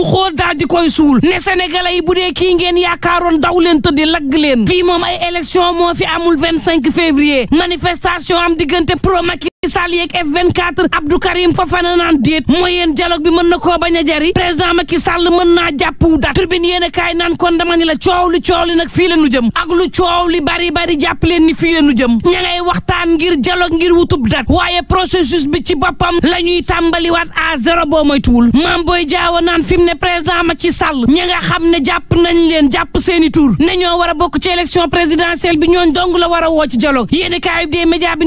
bu xóot daal di koy suul ne sénégalais yi bu dee kii ngeen yaakaaroon daw leen tëddi lagg leen fii moom ay élection moo fi amul 25 février manifestation am diggante pro Macky Sall yeeg F24 Abdou Karim Fofana naan déet mooy yéen dialogue bi mën na koo bañ a jari président Macky Sall mën naa jàpp da tribune yéen a kaay naan kon dama ni la coow li coow li nag fii la nu jëm ak lu coow li bari bari jàpp leen ni fii la nu jëm ña waxtaan ngir dialogue ngir wutub dat waaye processus bi ci boppam la ñuy tàmbaliwaat à zéro boo moytuwul maam booy jaawa naan fi mu ne président ma ki Sall ña nga xam ne jàpp nañ leen jàpp seeni tur ne ñoo war a bokk ci élection présidentielle bi ñooñ dong la war a woo ci dialogue yéen bi dee média bi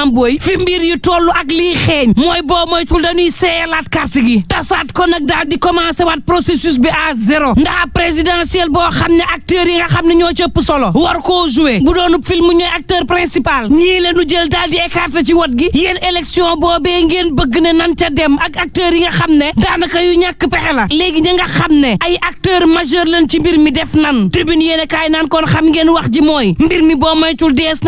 maam booy fi mbir yi toll ak lii xeeñ mooy boo moytul dañuy seeyalaat carte gi tasaat ko nag daal di commencé waat processus bi à zéro ndax présidentiel boo xam ne acteurs yi nga xam ne ñoo ci ëpp solo war koo joué bu doonu film ñooy acteur principal ñii leenu jël daal di écarté ci wot gi yéen boo boobee ngeen bëgg ne nan ca dem ak acteurs yi nga xam ne daanaka yu ñakk pexe la léegi ñi nga xam ne ay acteur majeur lañ ci mbir mi def nan tribune yéen a kaay naan kon xam ngeen wax ji mooy mbir mi boo moytul dees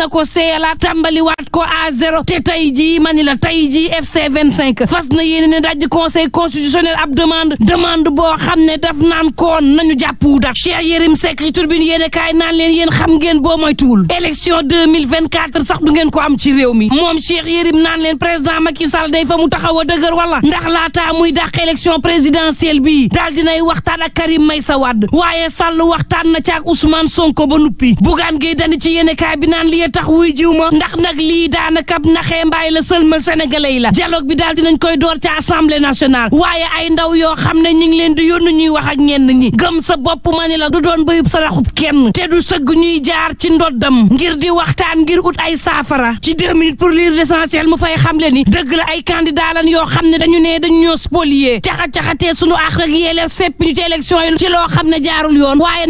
zéro te tey jii mani la ji jii FC 25 fas na yéene ne daj conseil constitutionnel ab demande demande boo xam ne daf naan koon nañu jàpp dak Cheikh Yérim Seck ci turbine yéene kaay naan leen yéen xam ngeen boo moytuwul élection 2024 sax du ngeen ko am ci réew mi moom Cheikh Yérim naan leen président Macky Sall day fa mu taxaw a dëgër wala ndax laataa muy dàq élection présidentielle bii daal dinay waxtaan ak Karim Meïssa Wade waaye Sall waxtaan na caak Ousmane Sonko ba nuppi bugaan ngay dani ci yéene kaay bi naan li tax wuy jiw ma ndax nag lii daanaka kap naxee mbaay la sëlmal sénégalais yi la dialogue bi daal dinañ koy door ca assemblée nationale waaye ay ndaw yoo xam ne ñu ngi leen di yónni ñuy wax ak ñenn ñi gëm sa bopp ni la du doon bayub sa raxub kenn te du sëgg ñuy jaar ci ndoddam ngir di waxtaan ngir ut ay saafara ci deux minutes pour lire l'essentiel mu fay xam le ni dëgg la ay candidat yoo xam ne dañu ne dañu ñoo spolier caxa-caxatee suñu àq ak yéeleef sepp ñu ci élection yi ci loo xam ne jaarul yoon waaye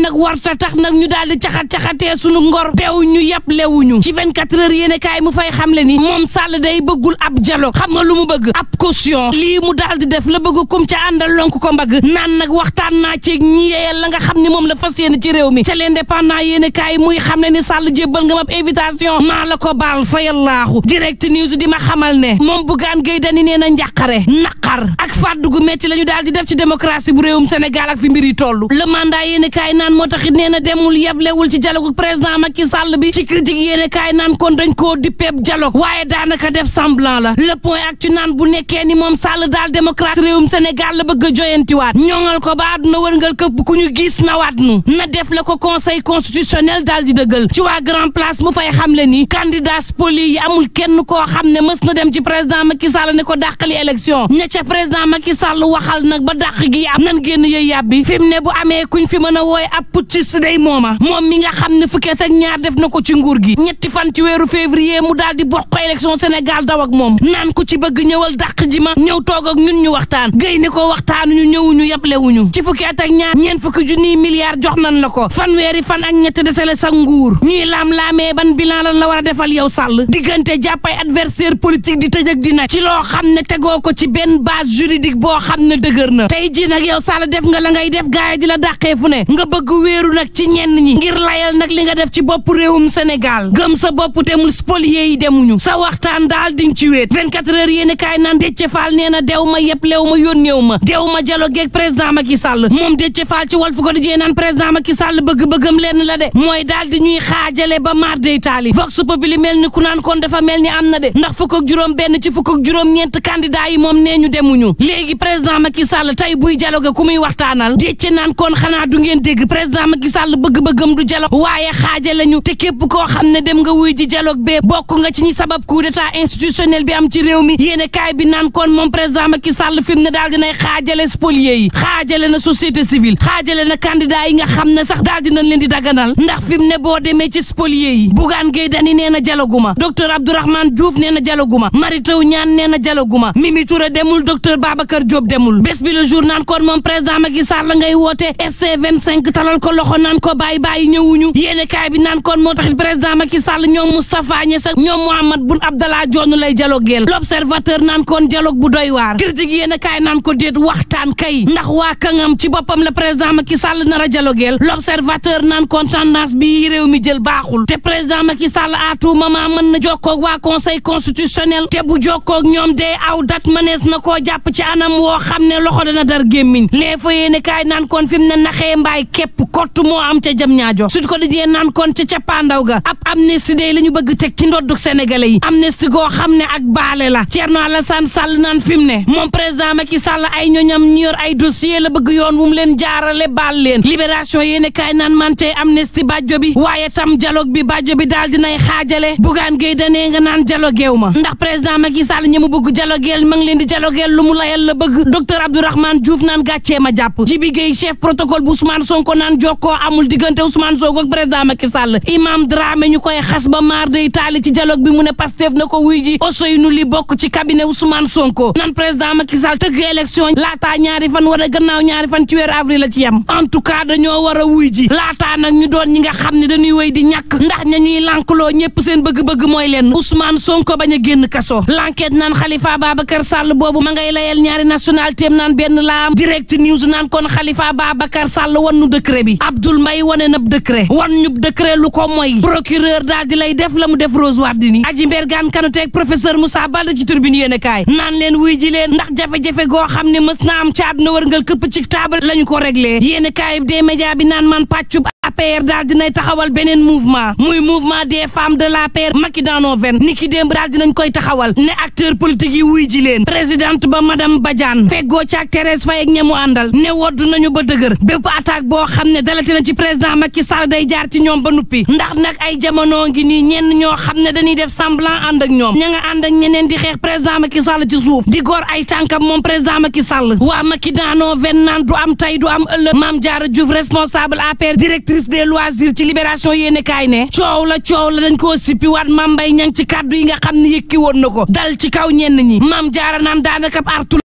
tax nag ñu daal di caxat-caxatee suñu ngor dew ñu yàpp lewuñu ci 24 moom Sall day bëggul ab dialogue xam nga lu mu bëgg ab caution lii mu daal di def la bëgg kum ca àndal lonk ko mbag naan nag waxtaan naa ci ñi yeyal la nga xam ni moom la fas yéene ci réew mi ca l'indépendant yéene kaay muy xam ne ni Sall jébbal nga ma invitation maa la ko baal fayallaahu direct news di ma xamal ne moom Bougane Gueye Dany nee na njàqare naqar ak fàddu gu metti la ñu daal di def ci démocratie bu réewum Sénégal ak fi mbir yi toll le mandat yéene kaay naan moo taxit nee na demul yeblewul ci dialogue président Macky Sall bi ci critique yéene kaay naan kon dañ koo di peeb waaye daanaka def semblant la le point ak ci naan bu nekkee ni moom sall sàll daal réew réewum Sénégal la bëgg a joyantiwaat ñoŋal ko ba àdduna wërngal këpp ku ñu gis nawaat nu na def la ko conseil constitutionnel daal di dëggal ci waa grand place mu fay xamle ni candidats poli yi amul kenn koo xam ne mës na dem ci président Macky Sall ne ko dàqali élection ña ca président Macky Sall waxal nag ba dàq gi am nan génn yëy yàbbi fi ne bu amee ku ñu fi mën a wooy ab putschiste day moom mi nga xam ne fukkeet ak ñaar def na ko ci nguur gi ñetti fan ci weeru février mu daal di bokk élection Sénégal daw ak moom naan ko ci bëgg ñëwal dàq ji ma ñëw toog ak ñun ñu waxtaan géy ni ko waxtaanu waxtaanuñu ñëwuñu yablewuñu ci fukki at ak ñaar ñeen fukki junniy milliards jox nan la ko fanweeri fan ak ñett desele sa nguur ñuy lam laamee ban bilan lan la war a defal yow sàll diggante jàppay adversaire politique di tëj ak di naj ci loo xam ne tegoo ko ci benn base juridique boo xam ne dëgër na tey ji nag yow sàll def nga la ngay def gaay di la dàqee fu ne nga bëgg wéeru nag ci ñenn ñi ngir layal nag li nga def ci bopp réewum Sénégal gëm sa bopp temul spolié yi demuñu sa waxtaan daal di nga ci wéet 24 heures yéeni kaay naan Déthié Fall nee na dew ma yëpp lew ma yónneew ma dew ma jalogeeg président Macky Sall moom Déthié Fall ci Walf Quotidien naan président ki Sall bëgg-bëggam lenn la de mooy daal di ñuy xaajale ba mar day taali vox populi mel ni ku naan kon dafa mel ni am na de ndax fukk ak juróom benn ci fukk ak juróom ñeent candidat yi moom nee ñu demuñu léegi président ki Sall tey buy jaloge ku muy waxtaanal Déthié naan kon xanaa du ngeen dégg président Macky Sall bëgg-bëggam du jalo waaye xaajale ñu te képp koo xam ne dem nga wuy ji jaloog bee bokk nga ci ñi sabab coup d'état institutionnel bi am ci réew mi yéene kaay bi naan kon moom président Macky Sall fi mu ne daal dinay xaajale spoliés yi xaajale na société civile na candidat yi nga xam ne sax daal dinañ leen di daganal ndax fi mu ne boo demee ci spoliés yi Bougane Gueye Dany nee na dialoguma docteur Abdourahmane Diouf nee na dialoguma Mary Teuw Niane nee na dialoguma Mimi Touré demul docteur Babacar Diop demul bés bi le jour naan kon moom président Macky Sall ngay woote FC cinq talal ko loxo naan ko bàyyi bàyyi ñëwuñu yéene kaay bi naan kon moo tax président Macky Sall ñoom Moustapha Niasse ñoom Mahammed Boun Abdallah Dionne lay dialogueel l'observateur naan koon dialogue bu doy waar critique yéen a kaay naan ko déet waxtaan kay ndax waa kangam ci boppam la président Macky Sall nar a dialogueel l'observateur naan koon tendance bi réew mi jël baaxul te président Macky Sall à tout moment mën na jokkoo ak waa conseil constitutionnel te bu jokkoo ak ñoom day aw dat mënees na koo jàpp ci anam woo xam ne loxo dana dar gémmiñ les fa yéen a kaay naan koon fi mu ne naxee mbaay képp kott moo am ca jëm ñaajo Sud Quotidien naan koon ca cappaandaw ga ab sénégalais yi amnistie goo xam ne ak baale la Thierno Alassane moom président Macky ay ñoñam ñu ay dossier la yoon wu mu leen jaarale baal leen libération yéene kaay naan man tey amnistie bàjjo bi waaye tam dialogue bi bàjjo bi daal dinay xaajale bugaan géey danee nga naan dialogueew ma ndax président Macky Sall ñi mu ma leen di dialogueel lu mu layal la bëgg docteur Abdourahmane Diouf naan gàccee ma jàpp Jibi Gueye chef protocole bu Ousmane Sonko naan jokkoo amul diggante Ousmane Sonko ak Pastef na ko wuy ji Ousseynou Ly bokk ci cabinet Ousmane Sonko nan président Macky Sall tëgg élection laataa ñaari fan wala gannaaw ñaari fan ci weeru avril la ci yem en tout cas dañoo war a wuy ji laata nag ñu doon ñi nga xam ne dañuy wéy di ñàkk ndax ña ñuy lànkloo ñëpp seen bëgg-bëgg mooy leen Ousmane Sonko bañ a génn kaso l'enquête naan Khalifa Babacar Sall boobu mangay ngay ñaari nationalité am naan benn la am direct news naan kon Khalifa Babacar Sall wan nu décret bi Abdoul Mbaye wane nab décret wan ñu décret lu ko mooy procureur lay def la mu def Rose Aji Mbergane Kanouté ak professeur Moussa Balla ci turbine yéen a kaay naan leen wuy ji leen ndax jafe-jafe goo xam ne mës am ci àdduna wërngal këpp ci taabal lañu ko réglé yéen a kaay des bi naan man pàccub APR daal dinay taxawal beneen mouvement muy mouvement des femmes de l'APR Macky dans nos veines ni ki démb daal koy taxawal ne acteur politique yi wuy ji leen présidente ba madame Badiane feggoo ci ak Thérèse Faye ak ñamu àndal ne wodd nañu ba dëgër bépp attaque boo xam ne dalati na ci président Macky Sall day jaar ci ñoom ba nuppi ndax nag ay jamono ngi nii ñenn ñoo xam ne dañuy def semblant ànd ak ñoom ña nga ànd ak ñeneen di xeex président Macky Sall ci suuf di gor ay tànkam moom président Macky Sall waa Macky dans nos veines naan du am tey du am ëllëg Mame Diarra Diouf responsable APR directrice des loisirs ci libération yéen kaay ne coow la coow la dañ koo sippi waat Mame mbay Niang ci kàddu yi nga xam ne yëkki woon na ko dal ci kaw ñenn ñi maam jaara naan daanaka artu